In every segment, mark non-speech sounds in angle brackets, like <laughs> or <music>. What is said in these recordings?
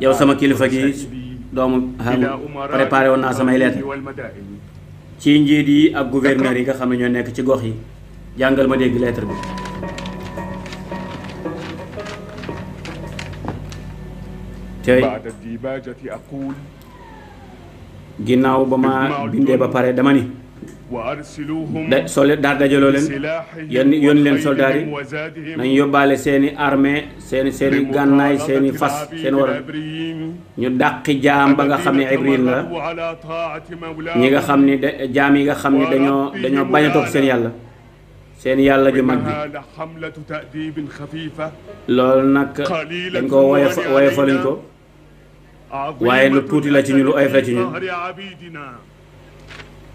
yow sama kilifa gi doomu xam préparé woon naa samay lettre ci njiit yi ak gouverneur yi nga xam ne ñoo nekk ci gox yi jàngal ma dégg lettre bi tey ginnaaw ba ma bindee ba pare dama ni da sole daal dajaloo leen yónni yónni leen soldaar yi nañ yóbbaale seeni i seeni seen seen gànnaay seeni fas seen waral ñu dàqi jaam ba nga xam ne ibrahim la ñi nga xam ni jaam yi nga xam dañoo dañoo bañ a toog seen yàlla seen yàlla ju mag bi loolu nag dañ ko woyof woyofaluñ ko waaye lu tuuti la ci ñu lu oyof la ci ñu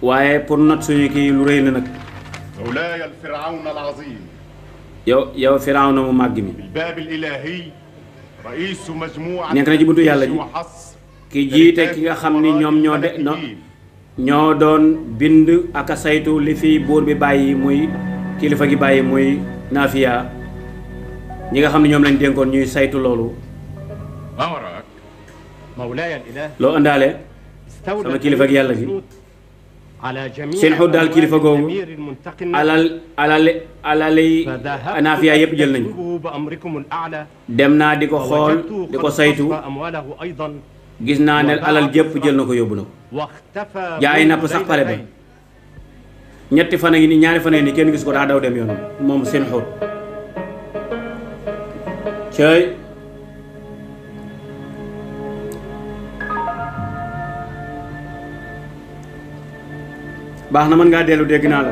waaye pour not suñu kii lu rëy la nag awlaaya alfirawna yow yow firawna mu màgg mi baab alilahi raisu majmua nekk na ci buntu yàlla ji ki jiite ki nga xam ni ñoom ñoo de ñoo doon bind ak a saytu li fi buur bi bàyyi muy kilifa gi bàyyi muy naafiya ñi nga xam ne ñoom lañ dénkoon ñuy saytu loolu loo ëndaale sama kilifa gi yàlla gi seen xuddaal kilifa googu alal alal alalay anaafiya yëpp jël nañu dem naa di ko xool di ko saytu gis naa ne alal jëpp jël na ko yóbbu na ko jaay napp sax pale ñetti fan a ngi nii ñaari fan a ngi nii kenn gis ko daa daw dem yoonam moom seen xóot baax na mën ngaa dellu dégg naa la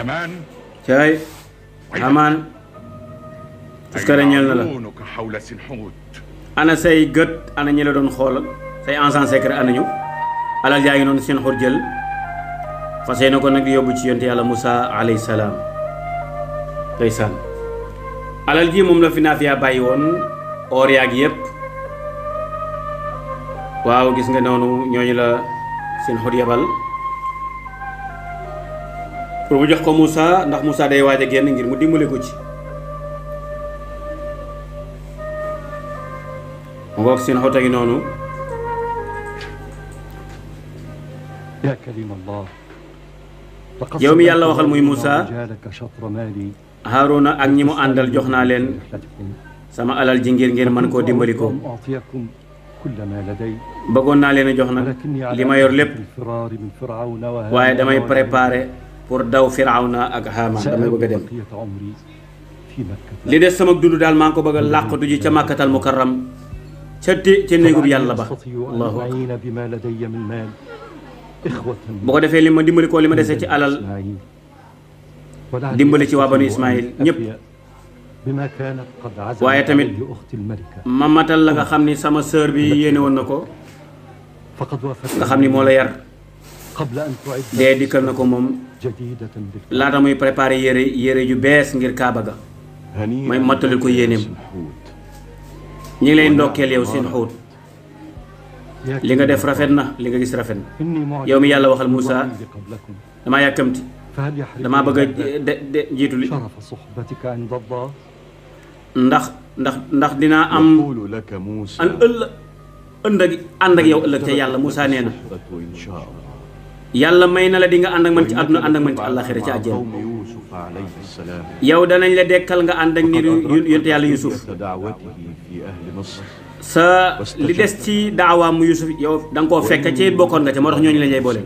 amaan cay amaan tuskare ñeel na la ana say gët ana ñi la doon xoolal say encens secret ana ñu alal yaa ngi noonu seen xur jël fas yéene ko nag yóbbu ci yonte yàlla Moussa alayhi salaam ndeysaan alal ji moom la fi naafiyaa bàyyi woon or yaag yépp waaw gis nga noonu ñooñu la seen yebal pour mu jox ko Moussa ndax Moussa day waaj a génn ngir mu dimbale ko ci mu ngoog seen xut a ngi noonu yaa karim yow mi yàlla waxal muy Moussa Haaruna ak ñi mu àndal jox naa leen sama alal ji ngir ngeen mën koo dimbali ko bëggoon naa leen a jox nag li ma yor lépp waaye damay préparé pour daw firawna ak Haamaan damay bëgg a dem li des sama dund daal maa ngi ko bëgg a du ji ca màkkatal mukarram ca té ca néegub yàlla ba allahu akbar bu ko defee li ma dimbali koo li ma desee ci alal dimbali ci waa banu Ismaayil ñëpp waaye tamit ma matal la nga xam ni sama sœur bi yéene woon na ko nga xam ni moo la yar dee dikkal na ko moom laata muy préparé yére yére ju bees ngir kaaba ga mooy mattalil ko yéeneem ñi ngi lay ndokkeel yow seen xóot li nga def rafet na li nga gis rafet na yow mi yàlla waxal Moussa damaa yàkkamti damaa bëgg a de de jiitu li ndax ndax ndax dinaa am an ëll ànd ak ànd ak yow ëllëg ca yàlla Moussa nee na yàlla may na la di nga ànd ak man ci àdduna ànd ak man ci àllaaxira ci àjjana yow danañ la dekkal nga ànd ak niir yonent yàlla Yuusuf sa li des ci daawaam mu Yuusuf yow da koo fekk ci bokkoon nga ca moo tax ñooñu lañ lay boole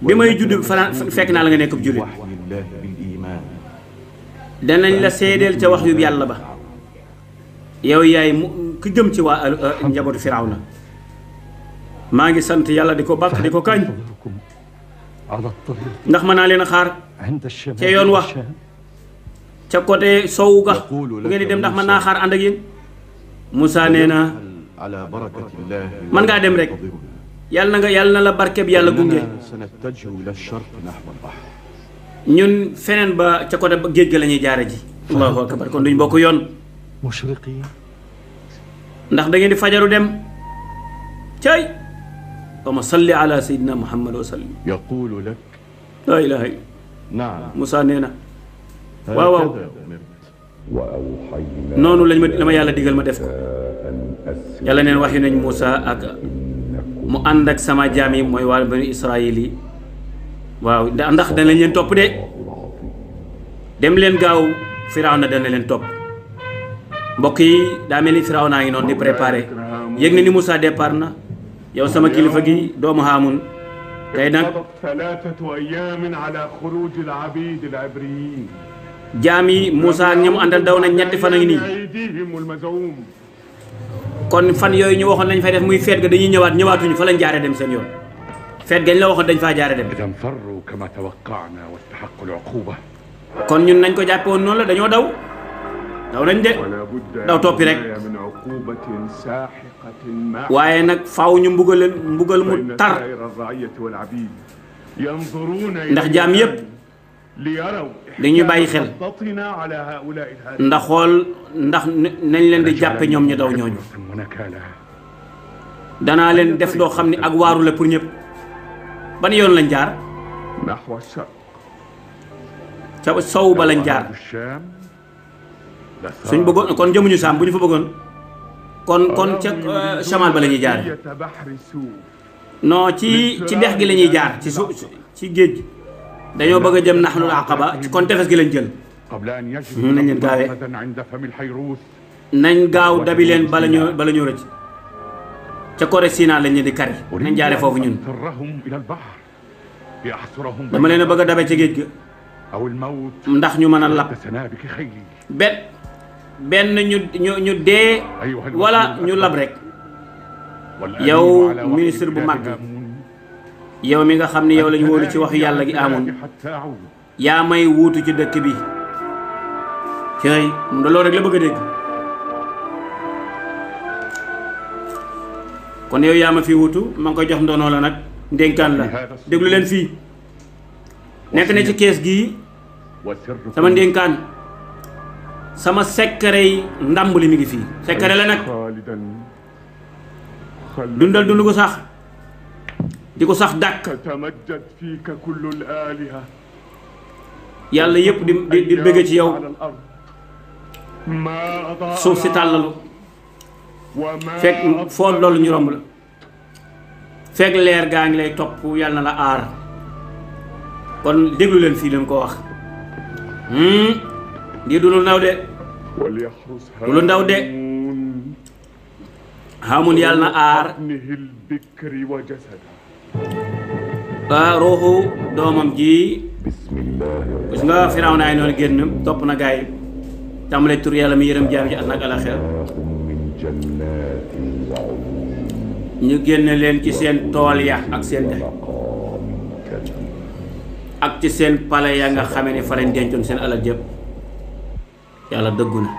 bi may judd fanaan fekk naa la nga nekk ab jullit danañ la seedeel ca wax yu yàlla ba yow yaay mu ku jëm ci waa euh, euh, njabootu firawna maa ngi sant yàlla di ko bàkk di ko kañ ndax mën naa leen a xaar ca yoon wax ca côté sowu ga bu ngeen di dem ndax mën naa xaar ànd ak yéen Moussa nee na mën ngaa dem rek yàlla na nga na la barkeb yàlla gunge ñun feneen ba ca côté géej ga lañuy ñuy jaare ji allahu akbar kon duñ bokk yoon ndax dangeen di fajaru dem cay ama salli ala sayidina muhammad wa sallim yaqulu lak laa ilaha illa naam Moussa nee na waaw waaw noonu lañ ma ma yàlla digal ma def ko yàlla neen wax yu nañ Moussa ak mu ànd ak sama jaam yi mooy waa banu Israayil waaw ndax dana leen topp de dem leen gaaw Firawna dana leen topp mbokk yi daa mel ni naa ngi noonu di préparé yëg na ni Moussa départ na yow sama kilifa gi doomu Haamun tey nag jaam yi Moussa ak ñoom andal daw na ñetti fan a ngi nii kon fan yooyu ñu waxoon lañ fay def muy feet ga dañuy ñëwaat ñëwaatuñu fa lañ jaaree dem seen yoon feet gañ la waxoon dañ faa jaare dem idan farru kama tawaqa'na wastahaqu al-uquba kon ñun nañ ko jàppe woon noonu la dañoo daw daw nañ de daw toppi rek waaye nag faaw ñu mbugal mbugal mu tar ndax jaam yépp dañuy bàyyi xel ndax xool ndax nañ leen di jàppe ñoom ñu daw ñooñu danaa leen def loo xam ne ak waaru la pour ñëpp ban yoon lañ jaar ca sow ba lañ jaar suñ bëggoon kon jëmuñu saam bu ñu fa bëggoon kon kon ca chamal euh, ba la ñuy jaar non ci ci dex gi lañuy jaar ci su ci géej gi dañoo bëgg a jëm naxlul aqaba kon tefes gi lañ jël nañ leen gaawee nañ gaaw dabi leen bala ñu bala ñu rëcc ca Corée Sina lañ leen di kari nañ jaare foofu ñun dama leen a bëgg a ca géej ga ndax ñu mën a lab benn benn ñu ñu ñu dee wala ñu lab rek yow ministre bu mag yow mi nga xam ne yow lañ wóolu ci waxu yàlla gi amoon yaa may wuutu ci dëkk bi cay loolu rek la bëgg a dégg kon yow yaa ma fi wutu ma ngi koy jox ndono la nag ndénkaan la déglu leen fii nekk na ci kees gii sama ndénkaan sama sekkare yi ndàmb li mi ngi fii sekkare la nag dundal dund ko sax di ko sax dàkk yàlla yëpp di di bëgg ci yow suuf si tàllalu fekk foo loolu ñu romb la fekk leer gaa ngi lay topp yàlla na la aar kon déglu leen fii leen ko wax hmm? lii du lu ndaw de du lu ndaw de xamun na aar waa ruuxu doomam ji gis nga firaaw naay noonu génn topp na gaay tàmbalee tur mi yërëm jaam ji at nag alaxeer ñu génne leen ci seen tool ya ak seen dex ak ci seen pale yaa nga xamee ne farañ lañ dencoon seen alal jëpp yàlla dëggu na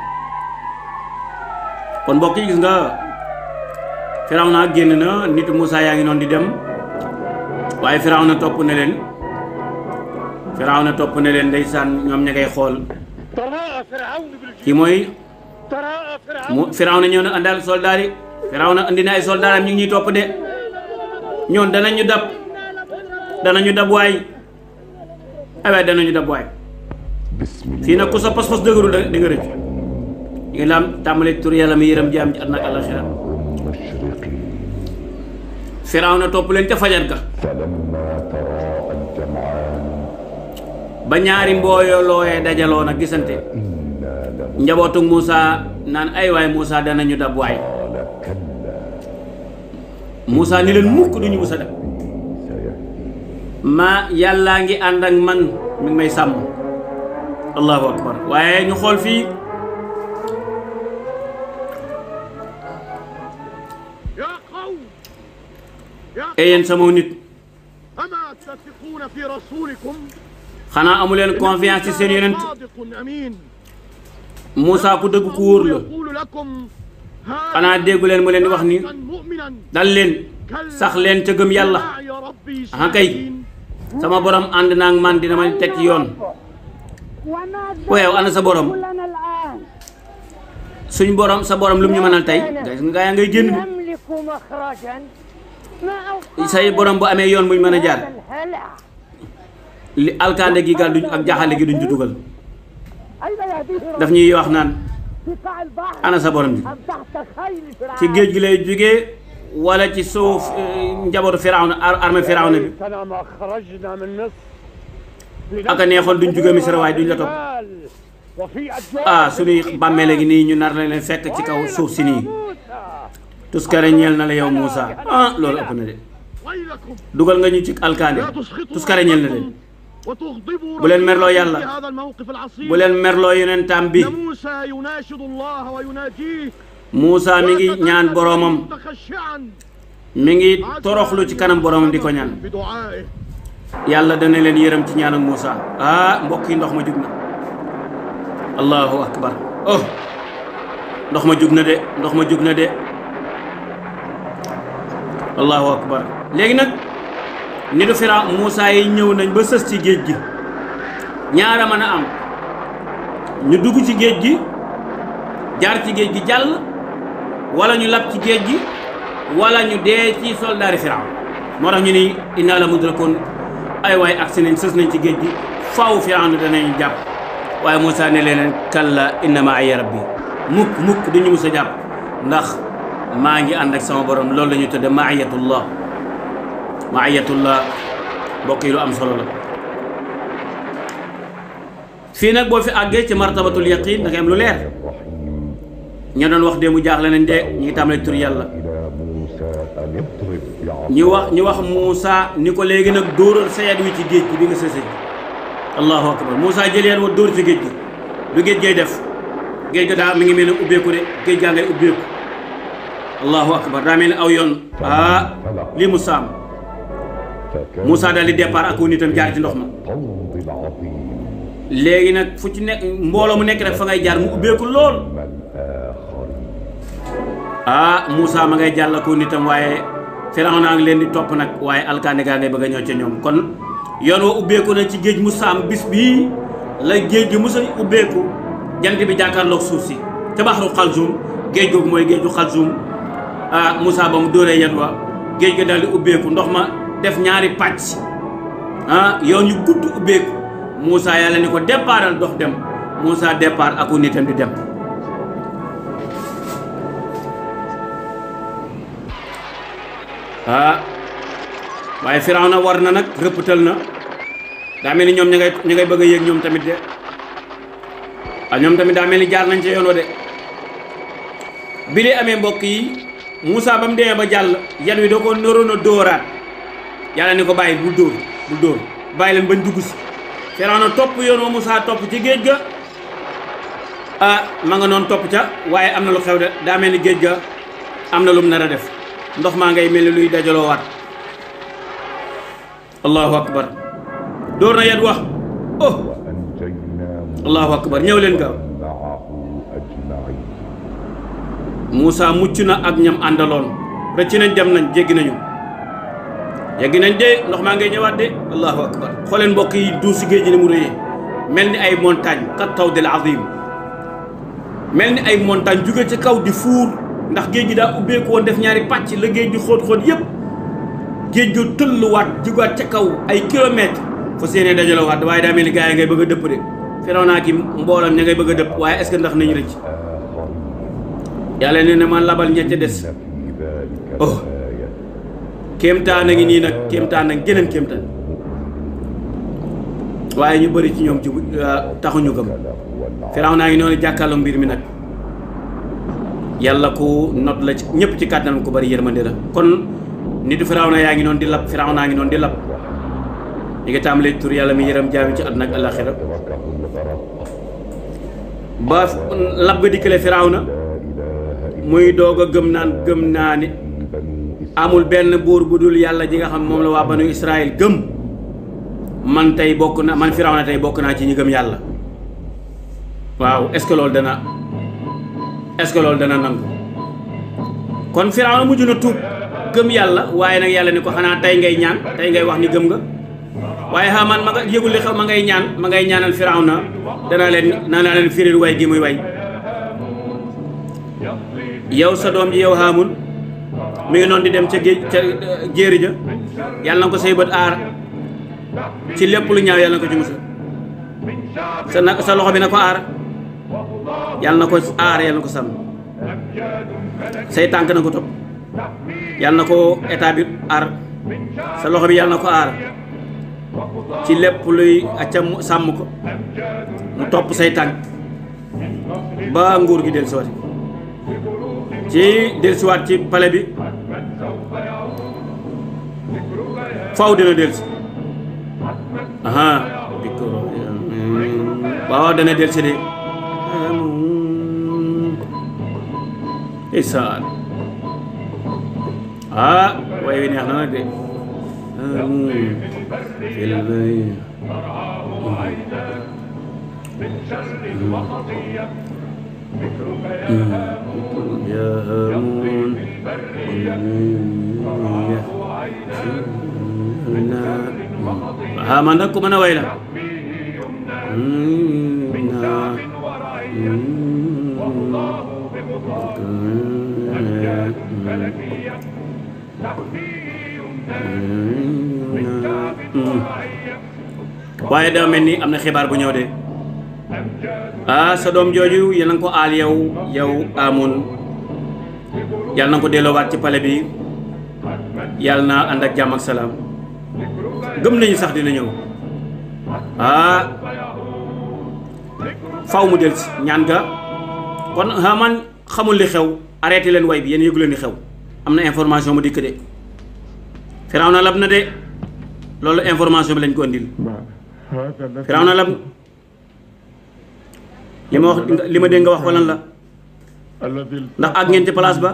kon mbokk yi gis nga naa génn na nit Moussa yaa ngi noonu di dem waaye na topp na leen na topp na leen ndeysaan ñoom ña xool ki mooy mu Firawna ñëw na àndaal soldaar yi Firawna andi na ay soldaar ñu ngi ñuy topp de ñoon danañu dab danañu dab waay awaay danañu dab waay fii nag ku sa pas-pas dëgëru da di nga rëcc ñu ngi laam tàmbali tur yàlla mi yërëm jaam ci àdduna ak na Firawna topp leen ca fajar ga ba ñaari mbooyo looyee dajaloo nag gisante njabootu Moussa naan ay waay Moussa danañu dab waay Moussa ni leen mukk duñu Moussa dab ma yàllaa ngi ànd ak man mi may sàmm allahu akbar waaye ñu xool fii eyeen sama nit xanaa amu leen confiance ci seen yonent Moussa ku dëgg ku wóor la xanaa déggu leen mu leen di wax ni dal leen sax leen ca gëm yàlla aha kay sama borom ànd naa ak man dina ma teg ci yoon weew ana sa borom suñ borom sa borom lu mu ñu mënal tey gaa ngay génn say borom bu amee yoon muñ mën a jaar li alkaande gi gal duñ ak jaaxale gi duñ ci dugal daf ñuy wax naan ana sa borom bi ci géej gi lay jóge wala ci suuf eh, njabootu firawna armée firawna bi a neexoon duñ jóge misra waaye duñ la topp ah suñuy bàmmeele gi nii ñu nar la leen fekk ci kaw suuf si nii tuskare ñeel na la yow Moussa ah loolu ëpp na de dugal nga ñu ci alkaande tuskare ñeel na leen bu leen merloo yàlla bu leen merloo yonentam bi Muusa mi ngi ñaan boroomam mi ngi toroxlu ci kanam boroomam di ko ñaan yàlla dana leen yërëm ci ñaanam Muusa ah mbokk yi ndox ma jug na allahu akbar oh ndox ma jug na de ndox ma jug na de allahu akbar léegi nag nitu Firawna Muusaa yi ñëw nañ ba sës ci géej gi ñaara mën a am ñu dugg ci géej gi jar ci géej gi jàll walla ñu lab ci géej gi wala ñu dee ci soldaari Firawna moo tax ñu ni innaa la mudrakuun ay waaye agsi nañ sës nañ ci géej gi faaw Firawna danañ jàpp waaye Muusaa ne leen kalla inna ma'iya rabbi mukk mukk duñu mës a jàpp ndax maa ngi ànd ak sama borom loolu la ñu tudde ma'iyatullah maayatullah mbokk yi lu am solo la fii nag boo fi àggee ci martabatul yaqin da ngay lu leer ña doon wax démb jaaxle nañ de ñu ngi tàmbalee tur yàlla ñu wax ñu wax Moussa ni ko léegi nag dóoral sa yat wi ci géej gi bi nga sësee allahu akbar Moussa jël yat wa dóor ci géej gi lu géej gay def géej ga daa mi ngi mel ne ubbeeku de géej gaa ngay ubbeeku allahu akbar daa mel aw yoon ah lii Moussa am musaa daal di départ ak nitam jaar ci ndox ma léegi nag fu ci nekk mbooloo mu nekk rek fa ngay jaar mu ubbeeku lool ah Moussa ma ngay jàll ak nitam waaye naa ngi leen di topp nag waaye alkaane gaa ngay bëgg a ñëw ca ñoom kon yoon wa ubbeeku na ci géej mu saam bis bii la géej gi musa ubbeeku jant bi jàkkaarloog suuf si te baxru xalzum géej googu mooy géeju xalzum ah Moussa ba mu dóoree yan wa géej gi daal di ubbeeku ndox ma def ñaari pàcc ah yoon yu gudd ubbeeku Moussa yàlla ni ko départal dox dem Moussa départ aku nitam di dem ah waaye Firawna war na nag rëpptal na daa mel ni ñoom ña ngay ña ngay bëgg a ñoom tamit de ah ñoom tamit daa mel ni jaar nañ ca de bi amee mbokk yi Moussa ba mu demee ba jàll yan wi da ko naroon dóoraat yàlla ni ko bàyyi bul dóor bul dóor bàyyi leen bañ dugg topp yoon wa Moussa topp ci géej ga a ah, ma nga noon topp ca waaye am na lu xew de daa mel ni géej ga am na lum nar a def ndox maa ngay mel ni luy dajaloo waat allahu akbar dóor na yet wax oh allahu akbar ñëw leen gaaw Moussa mucc na ak ñam àndaloon rëcc nañ dem nañ jéggi nañu yegg nañ de ndox maa ngay ñëwaat de allahu akbar xooleen mbokk yi duusu géej gi ni mu réyee mel ni ay montagne kat taw del azim mel ni ay montagne jóge ca kaw di fuur ndax géej gi daal ubbeeku woon def ñaari pàcc la géej gi xóot-xóot yépp géej gi tëlluwaat jugaat ca kaw ay kilomètre fa séenee dajalowaat waaye daa mel ni gars yi ngay bëgg a dëpp de firaw naa ki mboolam ña ngay bëgg a dëpp waaye est ce ndax nañu rëcc yàlla nee na ma labal ñette des oh kéemtaan a ngi nii nag kéemtaan nag geneen kéemtaan waaye ñu bari ci ñoom ci euh, taxuñu gëm firaw naa ngi noonu jàkkaarloo mbir mi nag yàlla ku not la ci ñëpp ci kàttanam ku bëri yërmande la kon nit du firaw yaa ngi noonu di lab firaw naa ngi noonu di lab ñu ngi tàmbalee tur yàlla mi yërëm jaami ci àdduna ak àllaaxira ba lab ga dikkale firaw na muy doog a gëm naan gëm naa ni amul benn buur bu dul yàlla ji nga xam moom la waa banu Israël gëm man tey bokk na man Firawna tey bokk naa ci ñi gëm yàlla waaw est dana est-ce dana nangu kon Firawna mujj na yàlla waaye nag yàlla ni ko xanaa tey ngay ñaan tey ngay wax ni gëm nga waaye Haamaan ma nga yëgul li xew ma ngay ñaan ma ngay ñaanal Firawna danaa leen naa leen firil way gi muy way yow sa doom ji yow Haamun mu ngi noonu di dem ca géej ca jéeri ja yàlla na ko say bët aar ci lépp lu ñaaw yàlla na ko ci musal sa na sa loxo bi na ko aar yàlla na ko aar ko sàmm say tànk na ko topp yàlla na ko état bi aar sa loxo bi yàlla na ko aar ci lépp luy accam sàmm ko mu topp say tànk ba nguur gi dellusiwaat ci dellusiwaat ci pale bi faw dina dellusi ahan waaw dana dellusi de isaan ah waaye wi neex na nag de يا هارون ha man a way la waaye dama mel ni am na xibaar bu ñëw de ah sa doom jooju yal na ko aal yow yow amoon yal na nga ko delloowaat ci pale bi yal na ànd ak jàmm ak salaam gëm nañu sax dina ñëw ah, faw mu del si ñaan ga kon Haamaan ah, xamul li xew arrêté leen way bi yéen yëgu leen xew am na information mu dikk de Firawna lab na de loolu information bi lañ ko andil Firawna lab li ma wax li ma dégg nga wax ko ndax ak ngeen ci place ba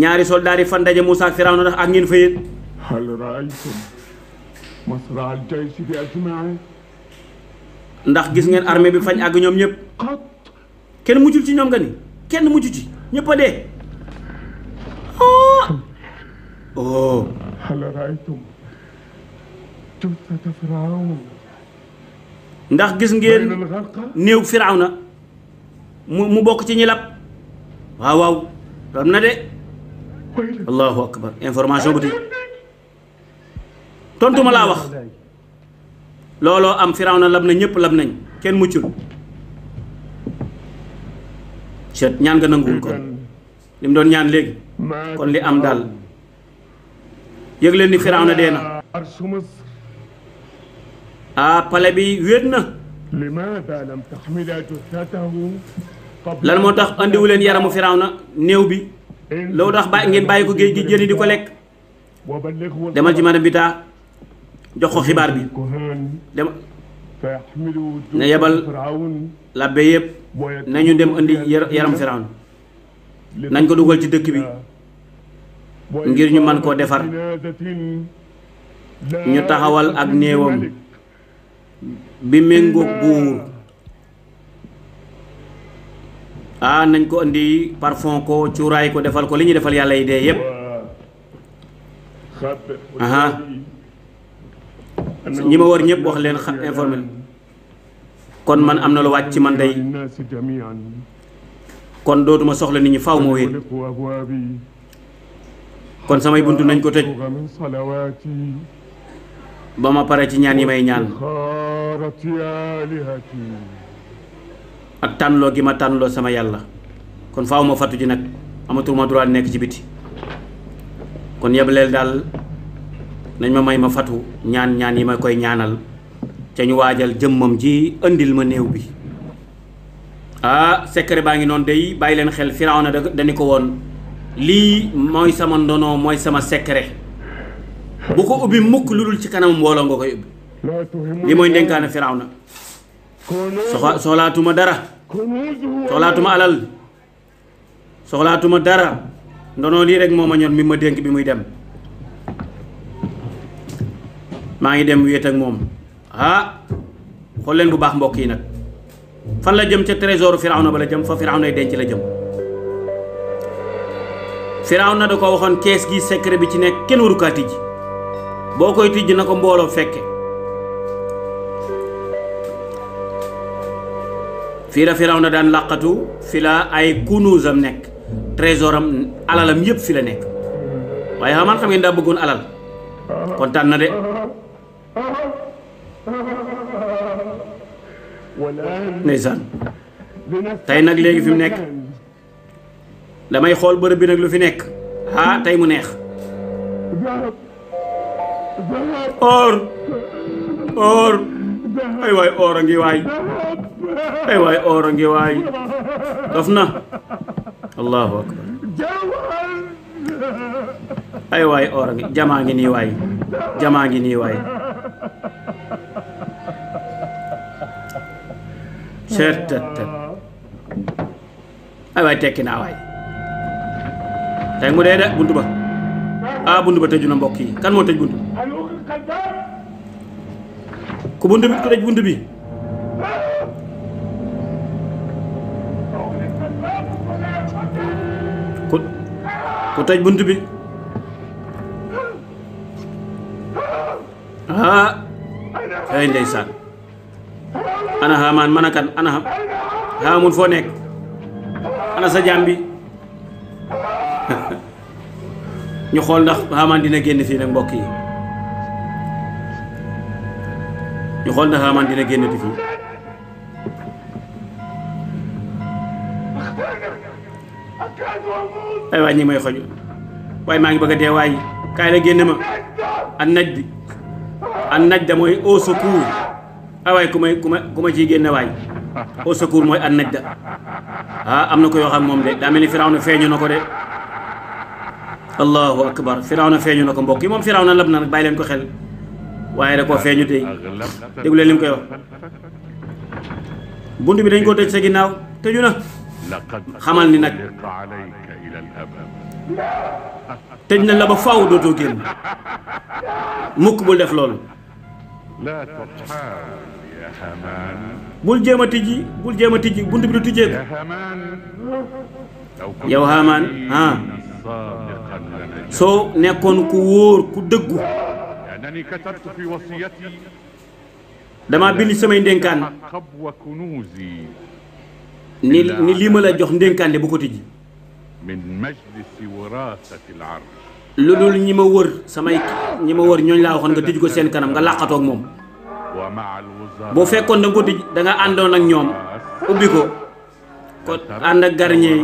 ñaari soldaar yi fan daje Moussa ak Firawna ndax ak ngeen fayet hal raaytum masra al jaysh bi ajmain ndax gis ngeen armée bi fañ àgg ñoom ñëpp kenn muccul ci ñoom nga ni kenn muccu ci ñëpp dee oh. Oh. ndax gis ngeen néew firawna mu mu bokk ci ñi lab waaw waaw ram na de allahu akbar information bu di tontuma laa wax looloo am Firawna lab na ñëpp lab nañ kenn muccul chet ñaan nga doon ñaan léegi kon li am daal yëg leen ni Firawna dee na ah bi wéet na lan moo tax andiwu leen yaramu Firawna néew bi loolu tax bàyyi ngeen bàyyi ko géej gi jëli di ko lekk demal ci madame Bita jox ko xibaar bi dem na yebal labbe yëpp nañu dem indi yaram firawn nañ ko dugal ci dëkk bi ngir ñu man koo defar ñu taxawal ak néewam bi méngoog buur ah nañ ko indi parfon ko cuuraay ko defal ko li ñuy defal yàlla yi dee yëpp aha ñi ma war ñëpp wax leen xam informé kon man am na lu wàcc ci man day kon dootuma soxla nit ñi faw ma wéet kon samay buntu nañ ko tëj ba ma pare ci ñaan yi may ñaan ak tànnloo gi ma tànnloo sama yàlla kon faaw ma fàttu ji nag amatuma droit nekk ci biti kon yebleel daal nañ ma may ma fatu ñaan ñaan yi ma koy ñaanal ca ñu waajal jëmmam ji indil ma néew bi ah secret baa ngi noon day bàyyi leen xel na Firawna dañu ko woon lii mooy sama ndono mooy sama secret bu ko ubbi mukk lu dul ci kanam mbooloo nga koy ubbi lii mooy ndenkaane Firawna soxlaatuma dara soxlaatuma alal soxlaatuma dara ndono lii rek moo ma ñor mi ma dénk bi muy dem maa ngi dem wéet ak moom ah xool leen bu baax mbokk yi nag fan la jëm ca trésor na ba la jëm fa Firawna denc la jëm na da ko waxoon kees gi secret bi ci nekk kenn waru kaa tijji boo koy tijj na ko mbooloo fekke fii da la na daan làqatu fi la ay kunuusam nekk am alalam yépp fi la nekk waaye xamaan xam ngeen daa bëggoon alal kontaan na de ndeysaan tey nag léegi fi mu nekk damay xool bërëb bi nag lu fi nekk ah tey mu neex or or ay waay or a ngi waay dof na allahu akbar ay waay ngi jamaa ngi nii waay jamaa ngi nii waay seet ay waay tekki naa waay tey mu dee de bunt ba ah bunt ba tëju na mbokk kan moo tëj bunt ku bunt bi ku tëj bunt bi ku ku tëj bunt bi ah ay ndeysaan ana xaamaan man a kan ana xam foo nekk ana sa jaam bi <laughs> ñu xool ndax xaamaan dina génn fii nag mbokk yi ñu xool ndax xaamaan dina génn fii ay waay ñi may xoju waaye maa ngi bëgg a dee waay kaay la génn an naj bi an naj da mooy au awaay ah, ku may ku ma ku génne waay au secours mooy an najda ah am na ko yoo xam moom de daa mel ni Firawna feeñu na ko de allahu akbar na feeñu na ko mbokk ki moom Firawna lab na nag bàyyi leen ko xel waaye da koo feeñu tey déglu leen li koy wax bunt bi dañ koo tëj sa ginnaaw tëju na xamal ni nag tëj na la ba faaw dootoo génn mukk bul def lool la tutxaal bul jéem a tijji bul jéem a tijji bunt bi du tijjeeku yow xamaan soo nekkoon ku wóor ku dëggu dama bind samay ndénkaan ni ni lii ma jox ndénkaan li bu ko tijji min majlis wirasati al lu dul ñi ma wër samay ñi ma wër ñooñ laa waxoon nga tëj ko seen kanam nga làqatoo ak moom boo fekkoon da ko tëj danga nga àndoon ak ñoom ubbi ko ko ànd ak garñee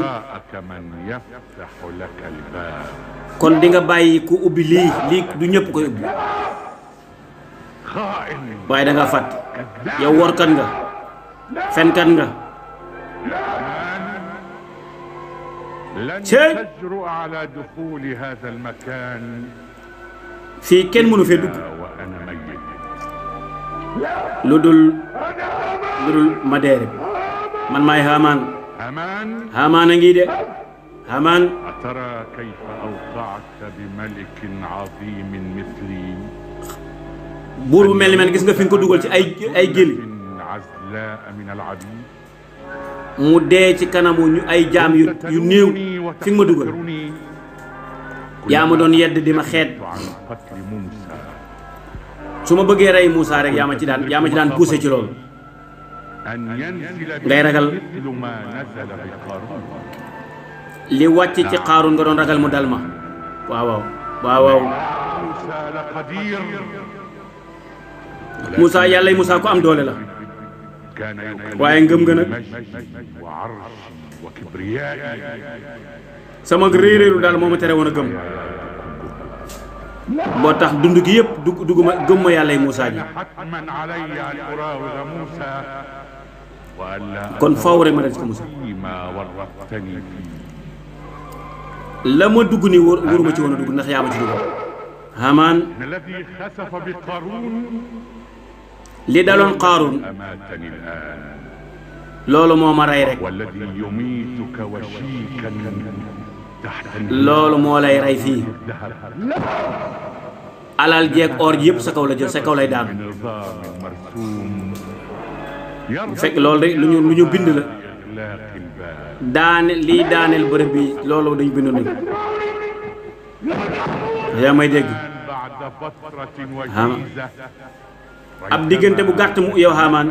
kon di nga bàyyi ku ubbi lii lii du ñëpp koy ubbi waaye danga nga fàtt yow workat nga fenkat nga cey fii kenn mënu fee dugg lu dul lu dul madeere bi man maay Haamaan Haamaan a ngi de Haamaan buur bu mel ni man gis nga fi nga ko dugal ci ay ay géli mu dee ci kanamu ñu ay jaam yu yu néew fi nga ma dugal yaa ma doon yedd di ma xeet su ma bëggee rey Moussa rek yaa ma ci daan yaa ma ci daan poussé ci loolu ngay ragal li wàcc ci Qaaruun nga doon ragal mu dal ma waaw waaw waaw waaw Moussa yàlla Moussa ku am doole la waaye ngëm nga nag sama réeréeru daal moo ma tere woon a gëm moo tax dund gi yëpp dugg duguma gëm ma yàlla yi Moussa ji kon faaw rek ma des ko Moussa la ma dugg nii wóor ci woon dugg ndax yaa ma ci dugg xamaan li daloon Qaaruun loolu moo ma rey rek loolu moo lay rey fii alal jeeg or ji sa kaw la jël sa kaw lay daanu fekk loolu lu ñu bind la daane lii daaneel bërëb bi loolu dañ bind nañ yaa may dégg ah ab diggante bu gàtt mu yow xaamaan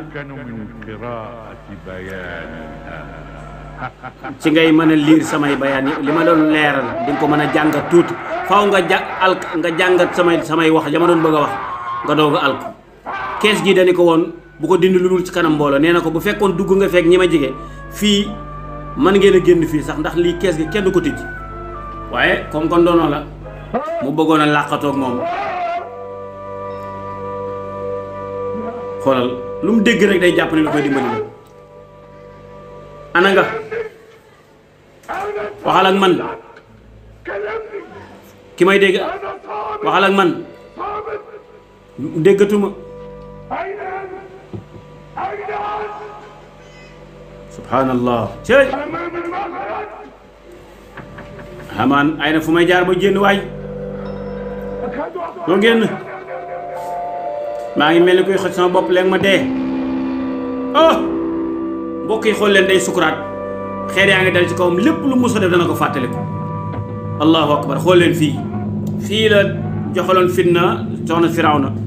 ci ngay mën a liir samay bayaan yi li ma doon leeral di ko mën a jàngat tuuti faw nga ja al nga jàngat samay samay wax ja doon bëgg a wax nga doog a alku kees gi dañu ko woon bu ko dindi lu dul ci kanam mbooloo nee na ko bu fekkoon dugg nga fekk ñi ma jege fii mën ngeen a génn fii sax ndax lii kees gi kenn du ko tijj waaye comme kon doonoo la mu bëggoon a làqatoog moom xoolal lu mu dégg rek day jàpp ne lu koy dimbali la ana nga man ki may dégg waxal ak man déggatuma subhanallah cey amaan ay na fu may jaar ba génn waay doo génn maa ngi mel ni kuy xoj sama bopp léegi ma dee ah mbokk yi xool leen day sukuraat xeer yaa ngi dal ci kawam lépp lu mus def dana ko fàttaliku allahu akbar xool leen fii fii la joxaloon fitna soxna Firawna